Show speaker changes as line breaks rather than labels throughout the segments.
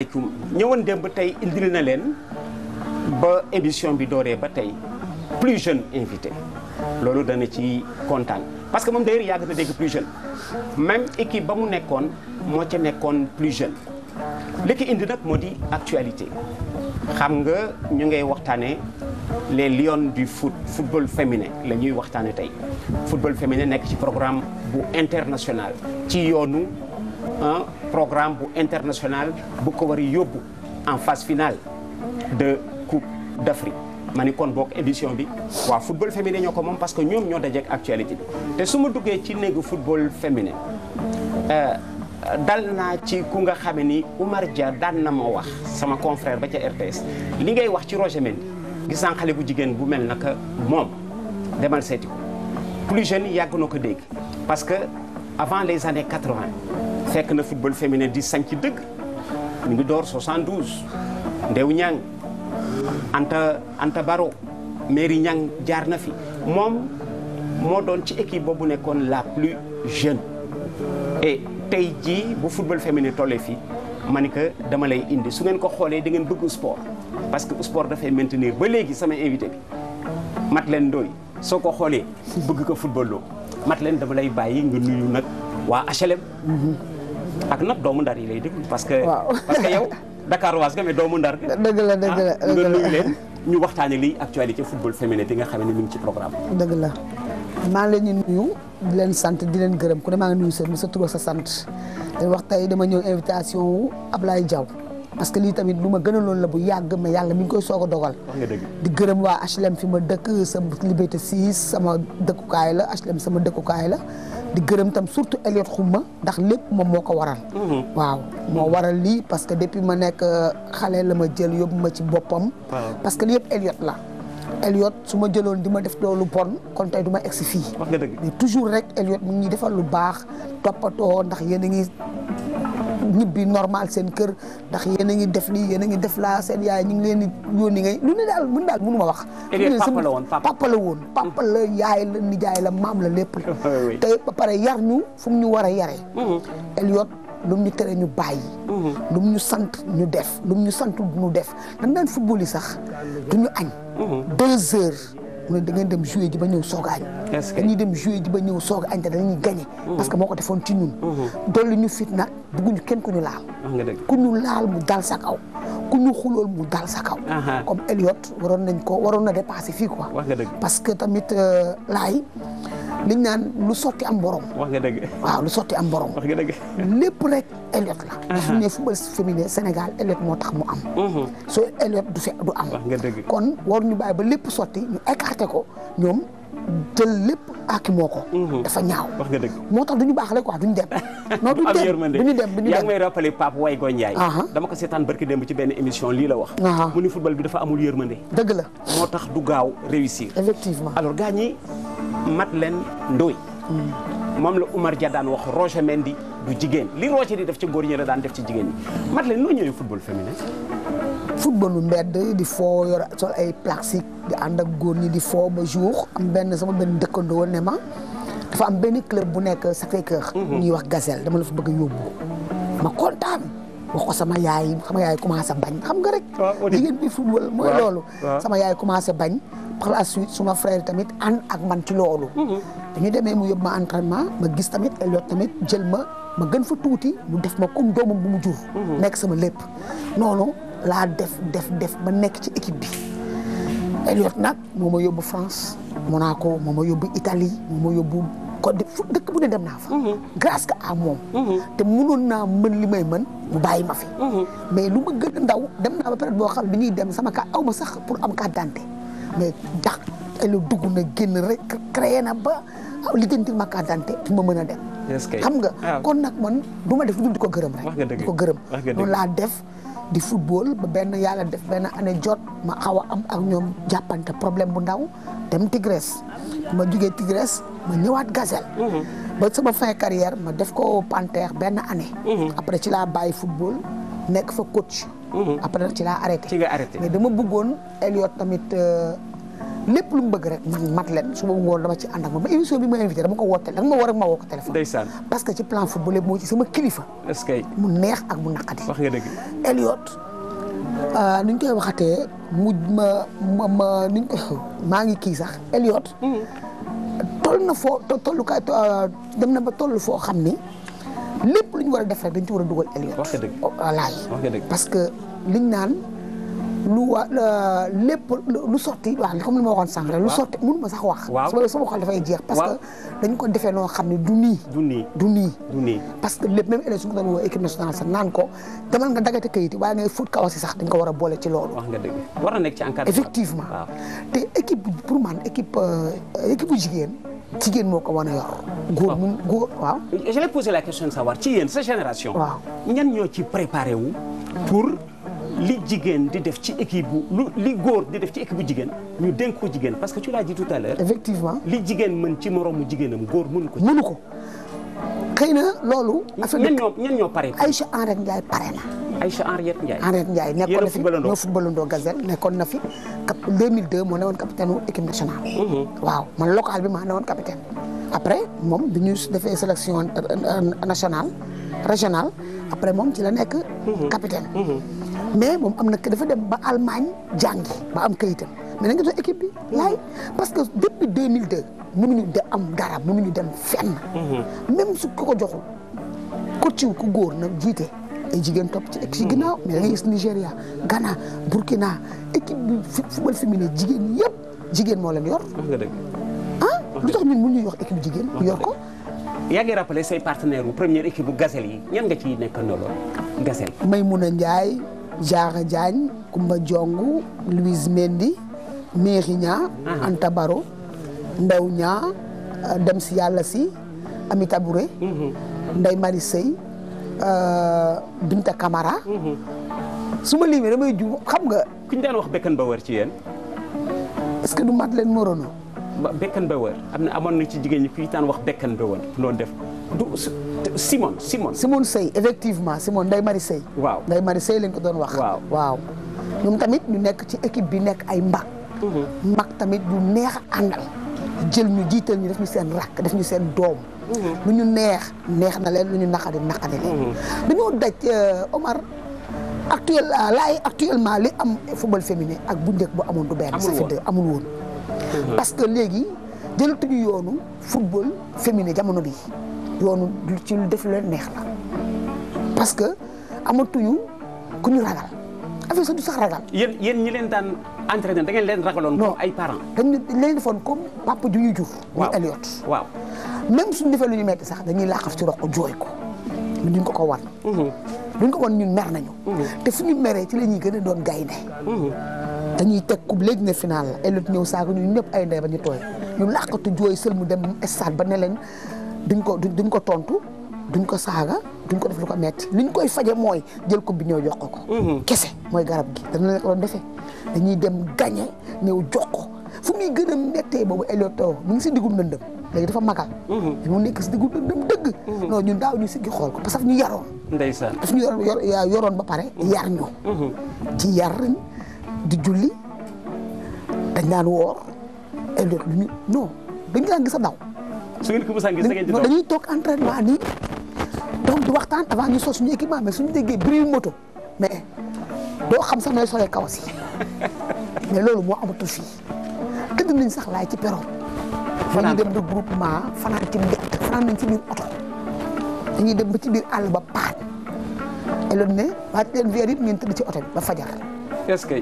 aleykum ñëwoon démb tey indil na leen ba émission bi dooree ba tey plus jeune invité loolu dana ci kontaan parce que moom d'ailleurs yàgg na dégg plus jeune même équipe ba mu nekkoon moo ci nekkoon plus jeune li ki indi nag moo di actualité xam nga ñu ngay waxtaane les lions du foot football féminin la ñuy waxtaane tey football féminin nekk ci programme bu international ci yoonu programme bu international bu ko war yóbbu en phase finale de coupe d'Afrique ma ni kon bokk émission bi waa football féminin ñoo ko moom parce que ñoom ñoo dajeek actualité bi te su ma duggee ci néegu football féminin euh, dal na ci ku nga xame ni Oumar Dia daan na ma wax sama confrère ba ca RTS li ngay wax ci Roger Mendy gis naa xale bu jigéen bu mel naka moom demal seeti ko plus jeune yàgg na ko dégg parce que avant les années 80 fekk na football féminin di sañ ci dëgg ñu ngi door 72 Ndew Ñang Anta Anta Baro Mary Ñang jaar na fi moom moo doon ci équipe boobu nekkoon la plus jeune et tey jii bu football féminin tollee fii ma ni que dama lay indi su ngeen ko xoolee da ngeen bëgg sport parce que sport dafay maintenir ba léegi sama invité bi Madeleine Ndoye soo ko xoolee su bëgg ko football loo Madeleine dama lay bàyyi nga nuyu nag waa HLM ak nag doomu ndar yi lay déglu parce que parce que yow Dakar waas nga doomu ndar dëgg
la dëgg ah, nuyu leen
ñu waxtaane liy actualité football féminin bi nga xam ne mi ngi ci programme
dëgg la maa ngi leen di nuyu di leen sant di leen gërëm ku ne maa ngi nuyu seen sa tur sa sant di wax tey dama ñëw invitation ab lay Diaw parce que lii tamit lu ma gënaloon la bu yàgg ma yàlla mi ngi koy soog a dogal di gërëm waa HLM fi ma dëkk sa liberté 6 sama dëkkukaay la HLM sama dëkkukaay la di gërëm tam surtout Elliot Xuma ndax lépp moom moo ko waral. Mhm. waaw moo waral lii parce que depuis ma nekk euh, xale la ma jël yóbbu ma ci boppam. parce que lii yëpp Elliot la. Elliot su ma jëloon di ma def too lu bon kon tey du ma egsi fii. toujours rek Elliot mu ngi defal lu baax toppatoo ndax yéen a ngi. ñibbi normal seen kër ndax yéen a ngi def lii yéen a ngi def laa seen yaay ñu ngi leen di yónni ngay lu ne daal mun daal mënu ma wax. Eh papa la woon papa la woon papa la yaay la nijaay la maam la lépp la. te ba pare yar ñu fu ñu war a yaree. Mm-hmm. Elliot lum ñu tere ñu bàyyi. Mm-hmm. lum ñu sant ñu def lum ñu sant ñu def dañ daan football yi sax du ñu añ. Mm-hmm. deux heures. mu da ngeen dem jouer ji ba ñëw soog a añ. dañuy dem jouer ji ba ñëw soog a añ te dañuy gagné. Mmh. parce que moo ko defoon ci ñun. Mmh. dolli ñu fit nag bëgguñu kenn ku ñu laal. ku ñu laal mu dal sa kaw. ku ñu xulool mu dal sa kaw. comme Elliot waroon nañ ko waroon na dépasser fii quoi. parce que tamit euh, laay liñ naan lu sotti am borom. wax nga dëgg. waaw lu sotti am borom. wax nga lépp rek Elliott la. su ñu nee football Sénégal Elliott moo tax mu am. Mhm. soo Elliott du fe du am. wax nga dëgg kon waruñu bàyyi ba lépp sotti ñu écarté ko ñoom. jël lépp aaki moo ko. Mhm. dafa ñaaw wax nga dëgg. moo tax du baax rek quoi du ñu dem. non du dem du ñu dem du ñu dem yaa ngi may
rappelé Way Goy Ndiaye. dama ko seetaan barki démb ci benn émission lii la wax. mu ni football bi dafa amul yërmande. dëgg la moo tax du gaaw réussir. effectivement alors gaa ñi leen Ndoye. Hmm. moom la Oumar Dia daan wax Roger Mendy du jigéen li Roger di def ci góor ñi la daan def ci jigéen ñi Madeleine noo ñëwee football féminin.
footballu mbedd di foo yor sol ay plastique di ànd ak góor ñi di foo ba jour am benn sama benn dëkkandoo ne ma dafa am benn club bu nekk Sacré-Cœur mhm. ñuy wax Gazelle dama la fa bëgg a yóbbu ma kontaan ko sama yaay sama yaay commencé bañ xam nga rek ah, jigéen sama yaay commencé bañ par la suite suma tamit ànd ak man ci loolu mhm. dañu demee mu ma entraînement ma gis tamit Elliot tamit jël ma ma gën fa tuuti mu def ma comme doomam bu mhm. nekk sama lépp noonu laa def def def ba nekk ci équipe bi Elliot nag moo ma yóbbu France Monaco moo a yóbbu Italie moo ma yóbbu Côte fu dëkk bu ne dem naa fa mhm. grâce que à moom mhm. te mënoon naa mën li may mën mu bàyyi ma fi mhm. mais lu ma gën a ndaw dem naa ba période boo xam ne ñuy dem sama ka aw ma sax pour am carte d'identité mais jax Elliot dugg na génn rek créer na ba lijjantil ma carte d'identité ma mën a dem
xam nga ah. kon
nag man du ma def lu dul di ko gërëm rek di ko gërëm noonu laa def di football ba benn yàlla def benn année jot ma xaw a am ak ñoom jàppante problème bu ndaw dem Tigres ma jugee Tigres ma ñëwaat Gazelle. Mhm. ba sama fin carrière ma def ko Panthère benn année. Mhm. après ci laa bàyyi football nekk fa coach. Mhm. après ci laa arrêté. ci nga arrêté mais dama bëggoon Elliot tamit. Euh, lépp lu mu bëgg rek man mat leen su ma woo dama ci ànd ak bi ma invité dama ko woo da nga ma woo rek ma woo ko téléphone. ndeysaan parce que ci plan football mu neex ak mu naqadi. wax nga dëgg Elliot. Euh, ni ñu ma ma ni maa ngi kii sax Elliot. Hmm. toll na foo tollukaay euh, dem na ba toll foo xam ni lépp lu ñu war a def rek dañ ci war a dugal Elliot. wax nga dëgg oh, parce que liñ naan. lu wa lépp lu sorti waaw comme li ma waxoon sànq rek lu sorti mun ma sax wax sama sama xol dafay jeex parce que dañ ko defee noo xam ne du nii du nii parce que lépp même élection doon woo équipe nationale sax naan ko demal nga dagate kayit waaye ngay fóot kawas yi sax dañ ko war a boole ci loolu wax
nga dëgg
effectivement te équipe pour man équipe euh, équipe jigéen jigéen moo ko wan a yor góor mun góor waaw
je la question de savoir ci yéen sa génération waaw
ñan ñoo ci préparé wu pour
li jigéen di def ci équipe bu lu li góor di def ci équipe bu jigéen ñu dénk ko jigéen parce que ci l'as dit tout à l'heure effectivement li jigéen mën ci moroomu jigéenam góor mënu ko. mënu ko
xëy na loolu. affaire ñenn ñoo ñenn ñoo pare. Aïcha Henriette Ndiaye pare na. Aïcha Henriette Ndiaye. Henriette Ndiaye nekkoon na fi ñoo footballandoo Gazelle nekkoon na fi cap 2002 moo newoon capitaine wu équipe nationale. Mm-hmm. waaw man local bi maa woon capitaine. après moom bi ñu defee sélection euh, euh, euh, nationale régionale après moom ci la nekk. Mm-hmm. capitaine. Mm-hmm. mais moom am na dafa dem ba Allemagne jàngi ba am kayitam mais na nga équipe bi laay parce que depuis 2002 mënuñu de am dara mënuñu dem fenn. Mhm. même su ko ko joxul ko ciw ku góor na jiite. ay jigéen topp ci ci ginnaaw mhm. mais da ngay gis Nigéria Ghana Burkina équipe bi football féminin jigéen yëpp jigéen moo leen yor. ah lu tax ñun mënuñu yor équipe jigéen. yor ko.
yaa ngi rappelé say partenaires wu première équipe bu Gazelle yi ñan nga ciy nekkandoo lool Gazelle.
Maymouna Ndiaye. Diarra Diagne Kumba Diongu Louise Mendy Méri Ña Anta Baro Mbew Ña euh, dem si yàlla si Ami Tabouré mhm. Ndeye Marie Sey euh, Binta Camara mhm. suma ma limee damay jub xam nga
kuñ daan wax bekkan ba wër ci yéen
est-ce que du Madeleine Morono
bekkan ba wër am na amoon na ci jigéen ñi kuy taan wax bekkan ba wër noonu def
Simone Simone. Simone Sey effectivement Simone Ndeye Marie Sey. waaw Ndeye Marie Sey lañ ko doon wax. waaw waaw ñoom tamit ñu nekk ci équipe bi nekk ay mbag. mbag mhm. tamit ñu neex a jël ñu jiital ñu def ñu seen rakk def ñu seen doom. Mhm. lu ñu neex neex na leen lu ñu naqari naqari leen. Mhm. dañoo daj euh, Omar. actuel euh, ay actuellement li am football féminin ak bu njëkk bu amoon du benn. amul woon amul woon. parce que léegi jëlatuñu yoonu football féminin jamono bii. yoonu ci lu def leen neex la parce que amatuñu ku ñu ragal affaire sax du sax ragal. yéen yéen ñi leen daan
entraîné da ngeen leen
ragaloon. non ay parents. dañu leen defoon comme papa ju ñu jur. waaw muy Elliot. waaw même suñu defee lu ñu metti sax dañuy laaxaf ci roq jooy ko duñ ko ko war. duñ ko wan ñun mer nañu. te suñu ñu meree ci la ñuy gën a doon gaynde. dañuy teg ku léegi ne final la Elliot ñëw saako ñun ñëpp ay ndey ba ñu tooy ñu làqatu jooy sël mu dem stade ba ne leen. duñ ko duñ ko tontu duñ ko saaga duñ ko def lu ko metti liñ koy faje mooy jël ko bi ñëw jox ko ko mhm. kese mooy garab gi dana la ko doon defee dañuy dem gañe ñëw jox ko fu muy gën a méttee boobu Elioto mu ngi si diggu ndëndëm léegi dafa magal mhm. mu nekk si diggu ndëndëm dëgg mhm. daaw ñu siggi xool ko que ñu yaroon
ndeysaan parce que
ñu yoroon ba pare yar ñu ci yar di julli dañ daan woor Elioto lu ñu non dañ daan gis a daw
su ngeen ko mos a gis da ngeen di dañuy
toog entraînement nii di waxtaan avant ñu sos suñu équipement mais suñu déggee bruit moto mais doo xam sax nooy solee kawas yi mais loolu moo amatul fii tëdd nañ sax laay ci peron. fanaan dem di groupement fanaan ci nañ ci biir oto dañuy dem ba ci biir àll ba paan. te loolu ne waa leen weer yëpp tëdd ci oto bi ba fajar. fees kay.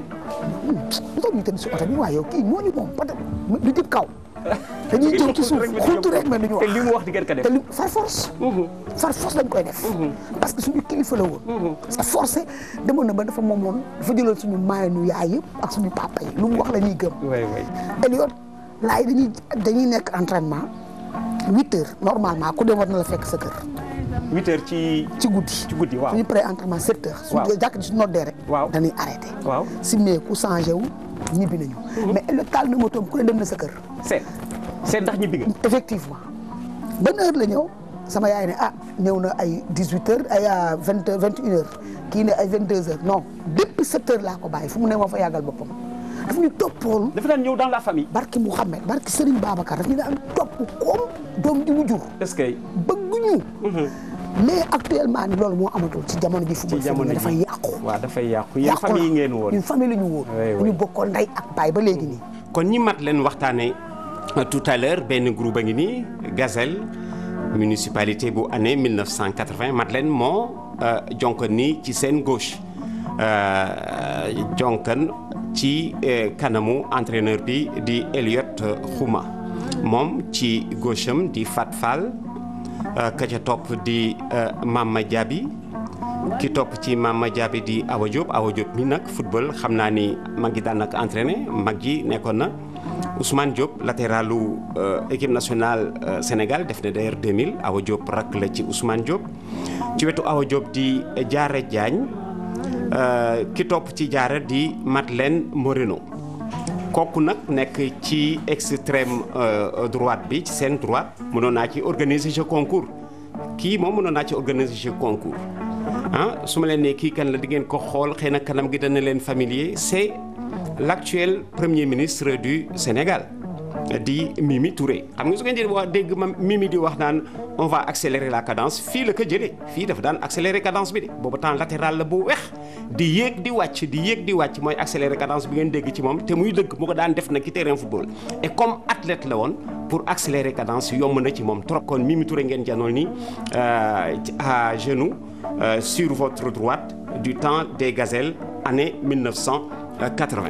lu ñu dem si oto bi waaye yow kii moo ñu moom ba du jëm kaw. dañuy jëm ci suuf xuntu rek li mu wax di ngeen ko def te lañ koy def. parce que suñu kilifa la woon. parce que forcé demoon na ba dafa moomoon dafa jëloon suñu maay nu yaay yëpp ak suñu papa yi lu mu wax la ñuy gëm. waay waay Eliott laay dañuy dañuy nekk entraînement huit heures normalement ku dem war na la fekk sa huit heures ci. ci guddi ci guddi waaw. suñu paree entraînement sept heures. waaw suñu jàkk noddee rek. waaw dañuy si mais ku changé wu ñibbi nañu. Mhm. mais taal na motoom ku ne dem na sa kër. seet seet ndax ñibbi nga. effectivement ban heure la ñëw sama yaay ne ah new na ay dix huit heures ay ah, vingt vingt une heures kii ne ay vingt deux heures non depuis sept heures laa ko bàyyi fu mu ne moo fa yàggal boppam. daf ñu toppoon. dafa daan ñëw dans la famille. barki Mouhamed barki Serigne Babacar daf ñu daan topp koom doom ji mu jur. est-ce que. bëgguñu. Mhm. mais actuellement ni loolu moo amatul ci jamono ji football féminin dafa yàqu
waaw dafay yàqu yéen famille ngeen woon ñun
famille la ñu woon ñu bokkoon ndey ak baay ba léegi nii
kon ñi mat leen waxtaane euh, tout à l'heure benn groupe a ngi nii Gazelle municipalité bu année 1980 mat leen moo euh, jonkan nii ci seen gauche euh, jonkan ci kanamu entraîneur bi di Eliott Xuma moom ci gauche di Fat Fall Euh, ka ca topp di euh, Mama Diaby ki topp ci Mama Diaby di Awa Diop Awa Diop mi nag football xam naa ni mag yi daanaka nag entraîné mag yi nekkoon na Ousmane Diop latéralu euh, équipe nationale Sénégal def na d'ailleurs 2000 Awa Diop rakk la ci Ousmane Diop ci wetu Awa Diop di Diarra Diagne ki topp ci Diarra di Madeleine Moreno kooku nag nekk ci extrême euh, droite bi ci seen droite mënoon naa ci organiser jeu concours kii moom mënoon naa ci organiser jeu concours ah su ma leen ne kii kan la di ngeen ko xool xëy na kanam gi dana leen familier c'est l'actuel premier ministre du Sénégal di Mimi Touré xam nga su ngeen di wax dégg Mimi di wax naan on va accélérer la cadence fii la ko jëlee fii dafa daan accélérer cadence bi de boobu temps latéral la bu weex di yéeg di wàcc di yéeg di wàcc mooy accélérer cadence bi ngeen dégg ci moom te muy dëgg mu ko daan def na ci terrain football et comme athlète la woon pour accélérer cadence yomb na ci moom trop kon Mimi Touré ngeen janool ni euh, à genoux euh, sur votre droite du temps des gazelles année 1980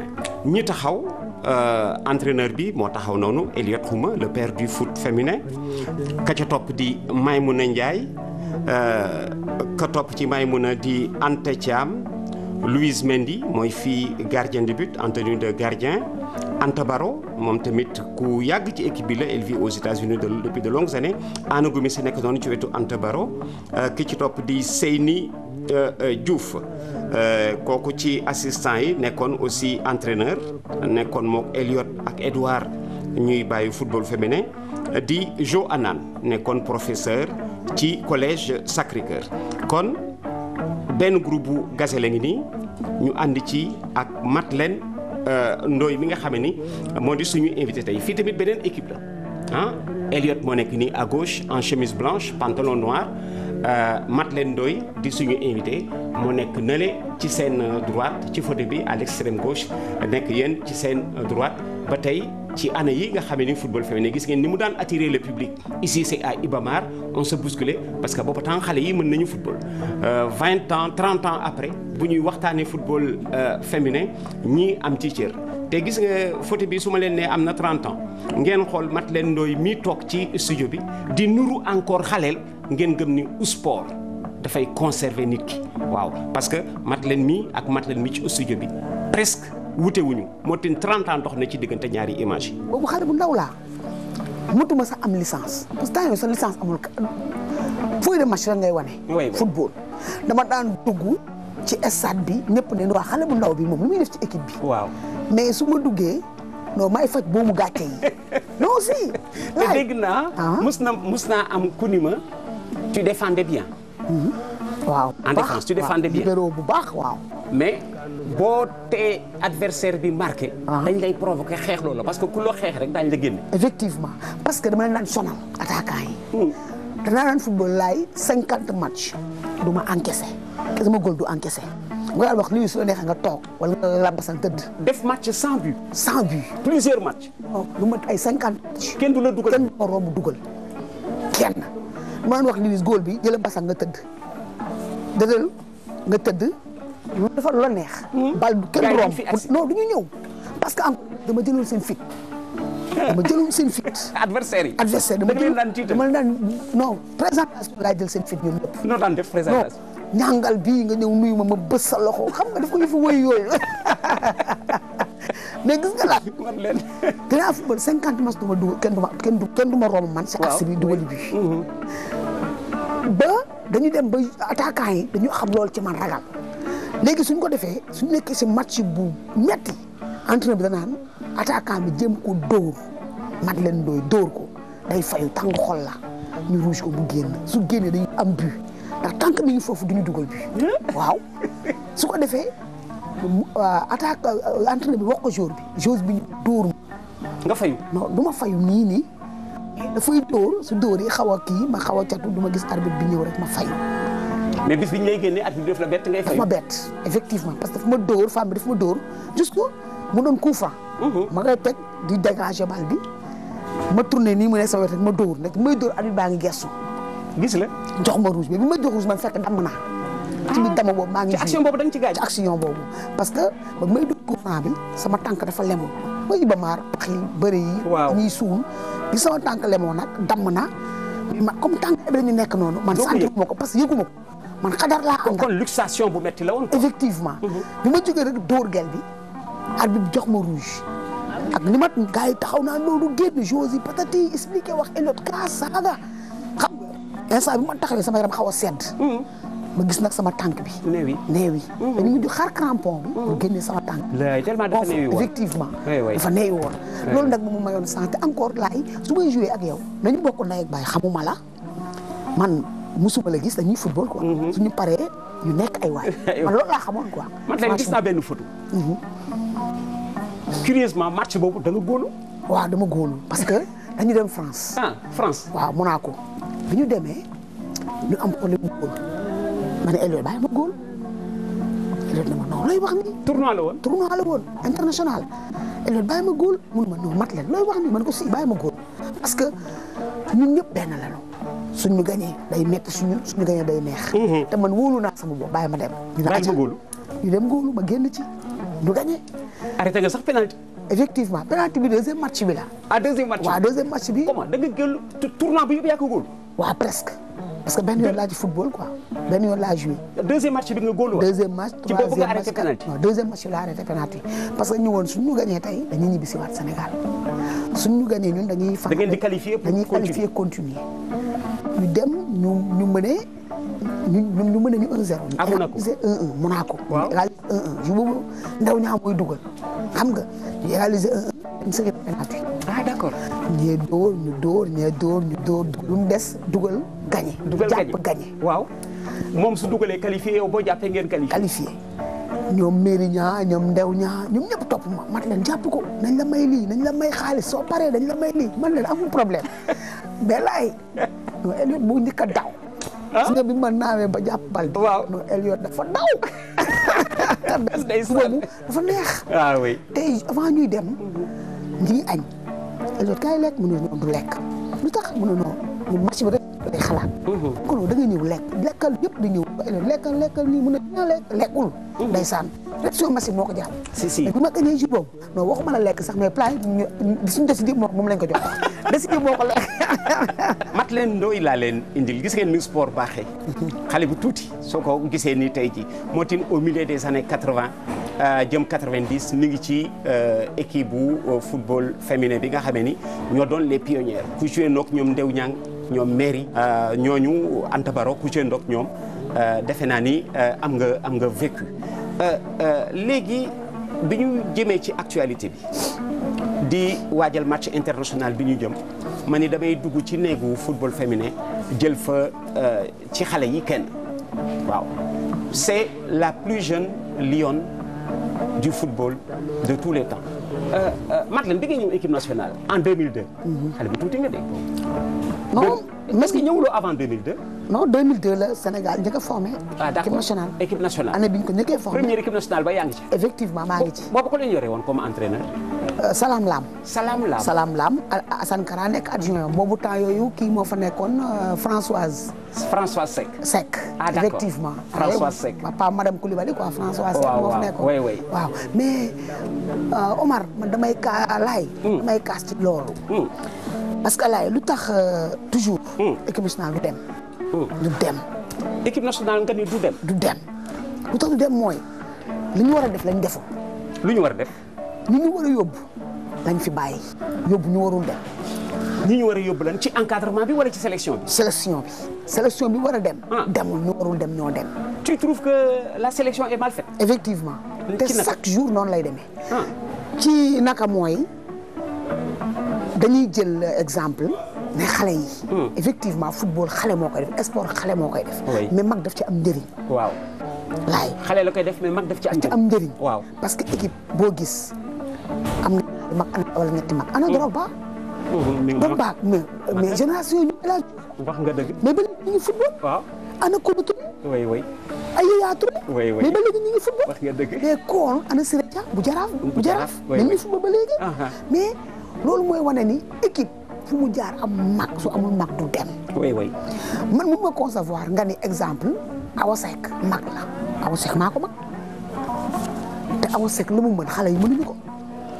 ñi taxaw Euh, entraîneur bi moo taxaw noonu Eliott Khouma le père du foot féminin ka ca topp di may Maymouna Ndiaye euh, ka topp ci may Maymouna di Anta Thiam Louise Mendy mooy fii gardien de but en de gardien Anta Baro moom tamit ku yàgg ci équipe bi la elle vit aux États-Unis de depuis de longues années Anna Gomis nekk noonu ci wetu Anta Baro euh, ki ci topp di Seyni Euh, euh, Diouf euh, kooku ci assistant yi nekkoon aussi entreneur nekkoon mook Elliot ak Edouard ñuy bàyyi football féminin di Jo Anan nekkoon professeur ci collège sacré kon benn groupe bu gazelle ngi nii ñu ànd ci ak Madeleine Ndoye mi nga xam ni moo di suñu invité tey fii tamit beneen équipe la ah Elliot moo nekk nii à gauche en chemise blanche pantalon noir Euh, leen Ndoye di suñu invité mu nekk nële ci seen euh, droite ci photo bi à l'extrême gauche nekk yéen ci seen euh, droite ba tey ci année yi nga xamee ni football féminin gis ngeen ni mu daan attirer le public ici c'est à Ibamar on se bousculait parce que boobu temps xale yi mën nañu football vingt ans trente ans après bu ñuy waxtaanee football féminin ñii am ci cër te gis nga photo bi su ma leen nee am na trente ngeen xool Madeleine Ndoye mii toog ci studio bi di nuru encore xaleel ngeen gëm ni sport dafay conserver nit ki waaw parce que Madeleine mii ak Madeleine mi ci studio bi presque wute wuñu moo tin 30 ans dox na ci diggante ñaari image yi.
boobu
xale bu ndaw laa motuma sax am lissance parce que temps yooyu sa licence amul feuille de match rek ngay wane. football dama daan dugg ci stade bi ñëpp ne waa xale bu ndaw bi moom lu muy def ci équipe bi. waaw mais su ma duggee non may faj boobu gàcce yi non si. te dégg naa. Ah. mës na mës naa am kunima
tu défendais bien.
Mm-hmm. waaw en waaw tu défendais bien libéro bu baax waaw.
mais boo tee adversaire bi marqué. Ah. dañ lay provoqué xeex loolu parce que ku loo xeex rek daañu la génne.
effectivement parce que dama leen daan sonal attaquant hmm. danaa daan football laay cinquante match du ma encaissé te sama góol du encaissé. wax lii su la nga toog wala nga lambasal tëdd. def match sans but. sans but plusieurs matchs. lu oh, mat ay cinquante. kenn du la dugal kenn du la dugal kenn. man wax ni góol bi jëlal mbasang nga tëdd dëggal nga tëdd dafa lu la neex hmm? bal du kenn romb non du ñu ñëw parce que am dama jëloon seen fit dama jëloon seen fit adversaire yi ma dama leen daan non présentation laa jël seen fit ñun ñëpp noo daan def présentation ñàngal bii nga ñëw nuyu ma ma bës sa loxo xam nga daf ko yëfu wëy yooyu mais gis nga daal dinaa football cinquante match du ma dugal kenn du ma kenn man. si axe bi bi. Mm-hmm. ba dañu dem ba attaquant yi dañu xam loolu ci man ragal léegi suñ ko defee suñ nekkee si match bu metti entraîneur bi danaan attaquant bi jëm ko dóor mat leen dooy dóor ko day fayu tàng xol la ñu rouge ko mu génn su génnee dañu am but ndax tànk mi ngi foofu duñu dugal but hmm? waaw su ko defee. attaque euh, entraîneur bi wax ko jour bi jour bi dóor nga fayu non du ma fayu nii nii dafay dóor su door yi xaw a kii ma xaw a catu du ma gis arbitre bi ñëw rek ma fayu
mais bis bi lay génnee at bi def la bett ngay ma
bett effectivement parce que dafa ma dóor femme bi dafa ma dóor jusque mu doon coup franc. Mhm. ma ngay teg di dégager bal bi. ma tourné nii mu nekk sama wet rek ma dóor nag may dóor arbitre baa ngi gestu. gis la jox ma rouge bi bi ma jox rouge man fekk damm naa. ci biir dama boobu maa ngi. ci action boobu da nga ci gaañ que ba may dugg courant bi sama tànk dafa lemoon ba Iba Maar pax li bëri yi. waaw ñuy suul bi sama tànk lemoon nag damm na. man comme tànk bi la ñu nekk noonu. man sentir ma ko parce que yëgu ma ko. man xadar laa am bu metti la woon. effectivement. Mhm. bi ma jógee rek dóor gel bi. at bi jox ma rouge. ak ni ma gars yi taxaw naa loolu génn chose yi patati expliqué wax et l'autre cas saaga xam nga instant bi ma taxawee sama yaram xaw a sedd. Mhm. ma gis nag sama tànk bi. néew yi néew yi. Mm-hmm. dañu mujj xar crampon bi. Mm-hmm. pour génne sama tànk. laay effectivement. dafa néew woon. loolu nag mu mayoon santé encore laay su may joué ak yow nañu bokk ndey ak baay xamuma la man musuma la gis dañuy football quoi. Mm-hmm. ñu paree ñu nekk ay waay. man loolu laa xamoon quoi. man léegi gis naa benn photo. curieusement match boobu da nga góolu. waaw dama góolu parce que dañu dem France. ah France waaw Monaco bi ñu demee am mu góolu. ma ne Elliot bàyyi ma góol Elliot ne ma non looy wax ni. tournoi la woon tournoi la woon international. Elliot bàyyi ma góol mun ma non mat leen looy wax ni man ko si bàyyi ma góol parce que ñun ñëpp benn lañu suñu gagné day métti suñu suñu gagné day neex. te man wóolu naa sama bopp bàyyi ma dem. ñu ne ma góolu ñu dem góolu ma génn ci ñu gagné. arrêté nga sax penalty. effectivement penalty bi deuxième match bi la. ah deuxième match bi waaw deuxième match bi. comment da nga jël tournoi bi yëpp yaa ko presque. parce que benn yoon laa ci football quoi benn yoon laa joué. deuxième match bi nga góolu deuxième match troisième match ci non deuxième match la arrêté penalty parce que ñu woon suñu gagné tey dañuy ñibbi si waat Sénégal suñu gagné ñun dañuy. da ngeen di dañuy qualifié continuer ñu dem ñu ñu mëne ñu ñu mëne ñu 1 na ko 1-1 Monaco. waaw égaliser 1-1 ju boobu ndaw ñaa mooy dugal xam nga ñu égaliser 1-1 dem série ah, ñu dóor ñu dóor des dugal. gagné. dugal
gagné jàpp waaw moom su dugalee qualifié yow boo jàppee ngeen qualifié. qualifié
ñoom mairie ñaa ñoom ndew ñaa ñoom ñëpp topp ma mat leen jàpp ko nañ la may lii nañ la may xaalis soo paree dañ la may lii man leen amul problème mais ay non Elliot bu njëkk a daw. ah bi ma naawee ba jàpp bal bi. waaw non Elliot dafa daw. day boobu dafa neex. ah oui tey avant ñuy dem. ñi añ. Elliot kaay lekk mu noonu lekk. lu tax mu ne noonu match bi rek. lay xalaat. kon da nga ñëw lekk lekkal yëpp di ñëw lekkal lekkal nii mun a lekk lekkul. ndeysaan réaction machine moo ko jàll si si bi ma gañee jus boobu non waxuma la lekk sax mais plat yi des di moo moom lañ ko jox décidé moo ko lekk
mat leen ndooy laa leen indil gis ngeen ni sport baaxee xale bu tuuti soo ko gisee ni tey ji moo tin au milieu des années 80 euh, jëm 90 mi ngi ci euh, équipe bu euh, football féminin bi nga xamee ni ñoo doon les pionnières ku joué ndoog ñoom Ndew Ñang ñoom Mairie ñooñu Anta Baro ku joué ndoog ñoom Euh, defe naa ni euh, am nga am nga vécu euh, léegi bi ñu jëmee ci actualité bi di waajal match international bi ñu jëm ma ni damay dugg ci néegu football féminin jël fa ci xale yi kenn waaw c'est la plus jeune lionne du football de tous les temps Madeleine bi nga ñu équipe nationale en 2002. Mhm. xale bi tuuti nga dégg. est-ce que ñëwuloo avant 2002.
non 2002 la Sénégal njëkk a formé. ah d'accord équipe nationale. équipe nationale année bi ñu ko njëkkee formé. première équipe nationale ba yaa ngi ci. effectivement maa ngi ci. boobu ko la ñu woon comme entraîneur. Euh, Salam Lam. Salam Lam Salam Lam Assane Kara nekk adjoint boobu temps yooyu kii moo fa nekkoon euh, Françoise. Françoise Seck. Seck ah d'accord effectivement. Ah, Françoise Seck pas madame Koulibaly quoi Françoise Seck moo fa nekkoon waaw mais euh, Omar damay kaa laay. Hmm. damay kaas ci loolu. Hmm. parce que alaay lu tax euh, toujours. Mmh. équipe nationale du dem. Mmh. du dem. équipe nationale nga ni du du dem lu tax du dem mooy li ñu war a def lañ deful. lu ñu war a def. ñi ñu war a yóbbu lañ fi bàyyi yóbbu ñu warul dem. ñi ñu war a yóbbu lan ci encadrement bi wala ci sélection bi. sélection bi sélection bi war a dem. Ah. demul ñu warul dem ñoo dem. tu trouves que la sélection est mal faite. effectivement te chaque jour noonu lay demee. Ah. ci naka mooy. dañuy jël exemple ne xale yi. Hmm. effectivement football xale moo koy def sport xale moo koy def. mais mag ci am njëriñ. waaw
la koy def mais mag ci
am njëriñ. am parce que équipe boo gis am na mag wala ana hmm. Drogba.
Hmm, Drogba
mais mais génération ñu la nga dëgg. mais ba léegi ñu football.
ana Koudou Touré. oui oui.
ay mais ba léegi ñu football. mais koon ana Siré Dia bu jaraaf. bu jaraaf mais. loolu mooy wane ni équipe fu mu jaar am mag su amul mag du dem. man mun ma concevoir nga ni exemple Awa Seck mag la Awa Seck maa ko mag te Awa Seck lu mu mën xale yi mënuñu ko.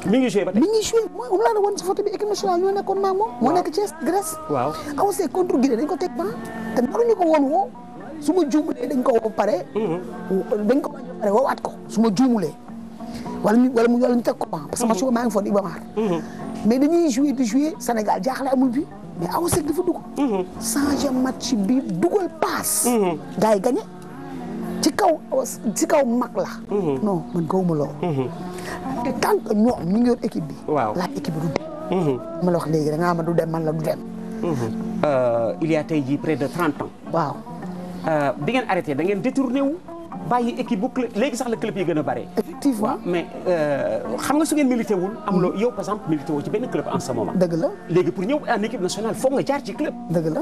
mi ngi joué nekkoon maam moom. moo nekk Thiès Grèce. waaw dañ ko teg ban te ko su ma juumulee dañ ko woo pare. Mm-hmm. dañ ko pare woowaat ko su ma juumulee wala mu wala mu teg ko ban parce ma su ko maa ngi foog mais dañuy jouer di jouer Sénégal jaaxle amul bi mais Awa Seck dafa dugg. Mhm. changé match bi dugal paas. Mhm. gars yi ci kaw ci kaw mag la. Mhm. non man gawuma lool. te tant que ñoom ñu ngi équipe bi. waaw la équipe bi du dem. ma la wax léegi da ngaa ma du dem man la du dem.
Euh, il y a tey jii près de trente waaw. Euh, bi ngeen arrêté da ngeen détourné wu. bàyyi équipe bu léegi sax la club yi gën a bare. effectivement mais euh, xam nga su ngeen milité am loo yow par exemple milité woo ci benn club en ce moment. dëgg la léegi pour ñëw en équipe nationale foog nga jaar ci club. dëgg la.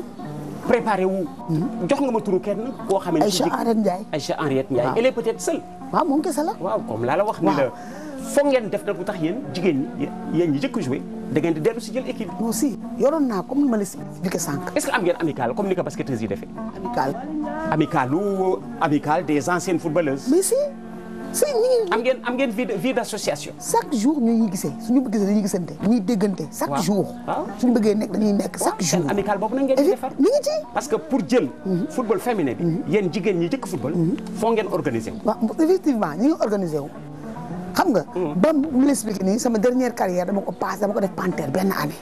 préparé wu. Mhm. jox nga
ma turu kenn koo xam ne. Aïcha Henriette Ndiaye
Aïcha Henriette Ndiaye. elle est peut-être seule. waaw moom kese la. waaw comme laa la wax ni la. foog ngeen def nag lu tax yéen jigéen ñi yéen ñi jëkk joué da ngeen di dellu si jël
équipe. non si yoroon naa comme ni ma la expliqué sànq.
est-ce ngeen amical comme ni ko basketteuses yi defee. amical. amical ou amical des anciennes footballeuses. mais si si ñu ngi. am ngeen am ngeen vie vie d'association.
chaque jour ñu ngi gisee suñu gisee dañuy gisante. ñuy déggante chaque jour. suñu nekk dañuy nekk chaque jour. seen parce que pour jël. Mhm.
football féminin bi. Mhm. yéen jigéen ñi jëkk football. Mhm. foo ngeen organiser wu.
waaw effectivement ñu ngi wu. xam nga mm. ba mu ngi nii sama dernière carrière dama ko passe dama ko def Panthère benn année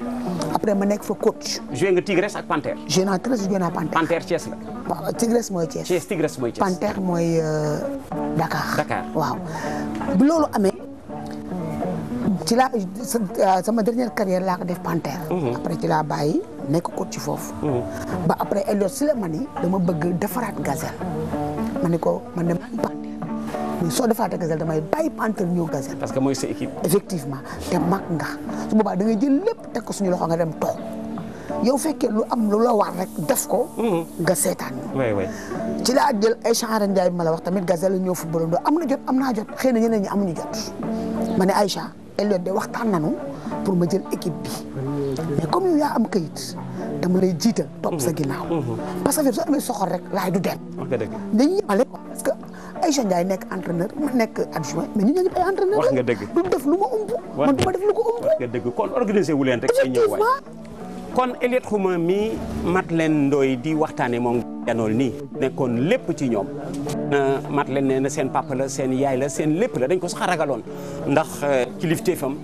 après ma nekk foo coach joué nga Tigres ak Panthère joué naa Tigres joué naa Panthère Panthère mooy Thiès Thiès Tigres mooy mooy euh, Dakar Dakar waaw loolu amee ci la euh, sama dernière carrière laa ko def Panthère mm-hmm. après ci laa bàyyi nekk coach ci foofu mm-hmm. ba après Elliot Souleymane dama bëgg defaraat gazelle ma ne ko man ne mais soo defaatee gazelle damay bàyyi panthère ñëw gazelle.
parce que mooy sa équipe.
effectivement te mag nga su boobaa da jël lépp teg ko suñu loxo nga dem toog yow fekkee lu am lu la war rek def ko. Mm-hmm. nga seetaan ñu. ci laa jël ay Aïcha Ndiaye bi ma la wax tamit gazelle ñëw football do am na jot am naa jot xëy na ñeneen ñi amuñu jot ma ne Aïcha Elliot de waxtaan nañu pour ma jël équipe bi mais comme yow yaa am kayit dama lay jiital. topp sa mm-hmm. ginnaaw. Mm-hmm. parce que fi soo amee soxor rek laay du dem. dañuy yemale parce que ay Aïcha Ndiaye nekk entraîneur ma nekk adjoint mais ñun ñëpp ay wax nga dëgg du def lu ma ëmb
man du ma def lu ko ëmb wax nga dëgg kon organiser wu leen rek ay ñëw waay kon Eliette Xuma mi Madeleine Ndoye di waxtaane moom janool nii nekkoon lépp ci ñoom na Madeleine nee seen papa la seen yaay la seen lépp la dañ ko sax ragaloon ndax euh, kilifteefam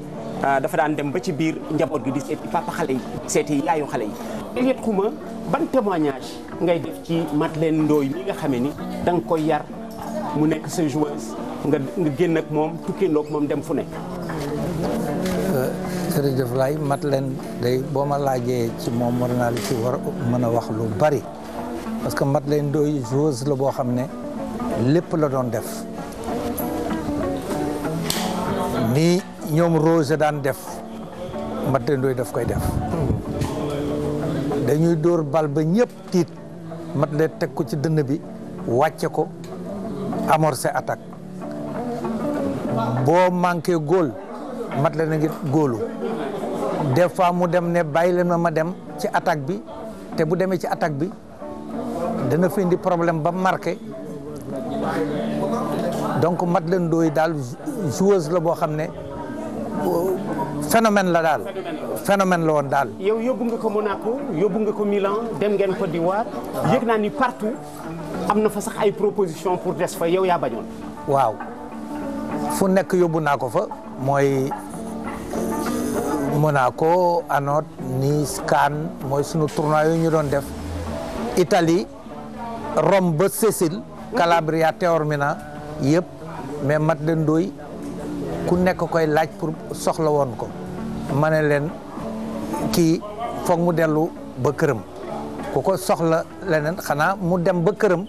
euh, dafa daan dem ba ci biir njaboot gi di seeti papa xale seeti yaayu xale yi Eliette Xuma ban témoignage ngay def ci Madeleine Ndoye mi nga xame ni danga koy yar mu nekk sa joueuse nga génn ak moom tukkindoog moom dem fu nekk.
jërëjëf euh, lay mat leen day boo ma laajee ci moom war naa la ci war mën a wax lu bari parce que mat leen doy joueuse la boo xam ne lépp la doon def ni ñoom Rose daan def mat leen doy daf koy def dañuy dóor bal ba ñëpp tiit mat leen teg ko ci dënn bi wàcce ko amorcer attaque boo manqué góol mat la na góolu des fois mu dem ne bàyyi leen ma ma dem ci attaque bi te bu demee ci attaque bi dana fi indi problème ba marqué donc mat leen dooy daal joueuse la boo xam ne phénomène la daal phénomène la woon daal
yow yóbbu nga ko Milan dem ngeen Côte d'Ivoire yëg naa ni partout
am na fa ay proposition pour des fa yaa bañoon. waaw fu nekk yóbbu naa ko fa mooy Monaco Anot Nice skan mooy sunu tournoi yooyu ñu doon def itali Rome ba Sicile. Calabria Taormina yëpp mais mat de ndóoy ku nekk koy laaj pour soxla woon ko ma ne leen kii foog mu dellu ba këram ku ko soxla leneen xanaa mu dem ba këram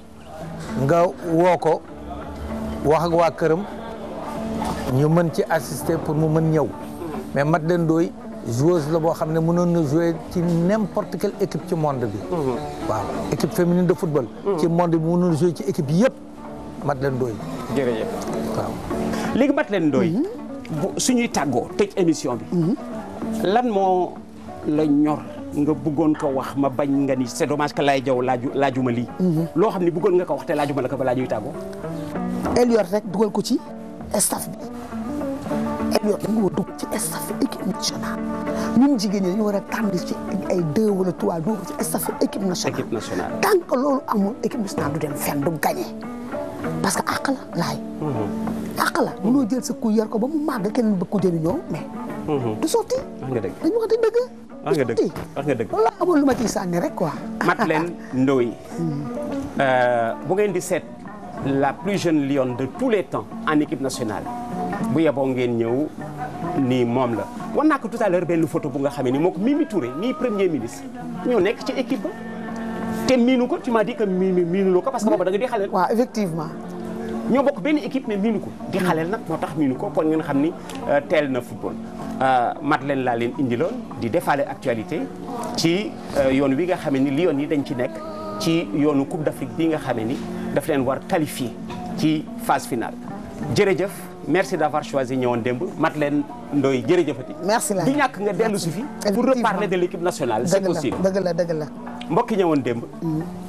nga woo ko wax waa këram ñu mën ci assister pour mu mën ñëw mais mat leen dooy joueuse la boo xam ne mënoon na jouer ci n'importe quelle équipe ci monde bi mhm. waaw équipe féminine de football mhm. ci monde bi mënoon na jouer ci équipe yëpp Madeleine Ndoye jërëjëf waaw léegi
Madeleine Ndoye mhm. suñuy tàggoo tëj émission bi lan moo la ñor nga bëggoon ko wax ma bañ nga ni c'est dommage que lay jaw laaju laajuma lii. Mhm. loo xam ne bëggoon nga ko wax te laajuma la ko balaa ñuy tàggoo.
Elior rek dugal ko ci staff bi Elior da nga war dugg ci staff équipe nationale ñun jigéen ñi dañu war a tànn ci ay deux wala trois dugg ci staff équipe nationale. tant que loolu amul équipe nationale du dem fenn du gagné parce que àq la laay. Mhm. àq la mënoo jël sa ku yar ko ba mu màgg kenn bëgg ko jëriñoo mais. Mhm. du sotti. dañu wax
dëgg. wax ah, nga dëgg wax ah, nga dëgg
loolu amul lu ma ciy sànni rek quoi.
Madeleine Ndoye hmm. euh, bu ngeen di seet la plus jeune lionne de tous les temps en équipe nationale bu yeboo ngeen ñëw nii moom la wan naa ko tout à l'heure benn photo bu nga xamee ni moo ko Mimi Touré nii premier ministre ñoo nekk ci équipe ba te miinu ko tu m'as dit que miinu miinu parce que boobu da nga di xaleel waaw effectivement ñoo bokk benn ko di xaleel nag moo tax miinu ko kon ngeen xam ni euh, teel na football Euh, Madeleine laa leen indiloon di defaale actualité ci euh, yoon wi nga xam ni Lions yi dañ ci nekk ci yoonu Coupe d'Afrique bi nga xam ni daf leen war qualifié ci phase finale jërëjëf merci d'avoir choisi ñëwoon démb Madeleine Ndoye jërëjëfati.
merci la di ñàkk nga dellu si fi. pour reparler
de l'équipe nationale. c'est possible
dëgg la dëgg la
mbokki ñëwoon démb.
Mm.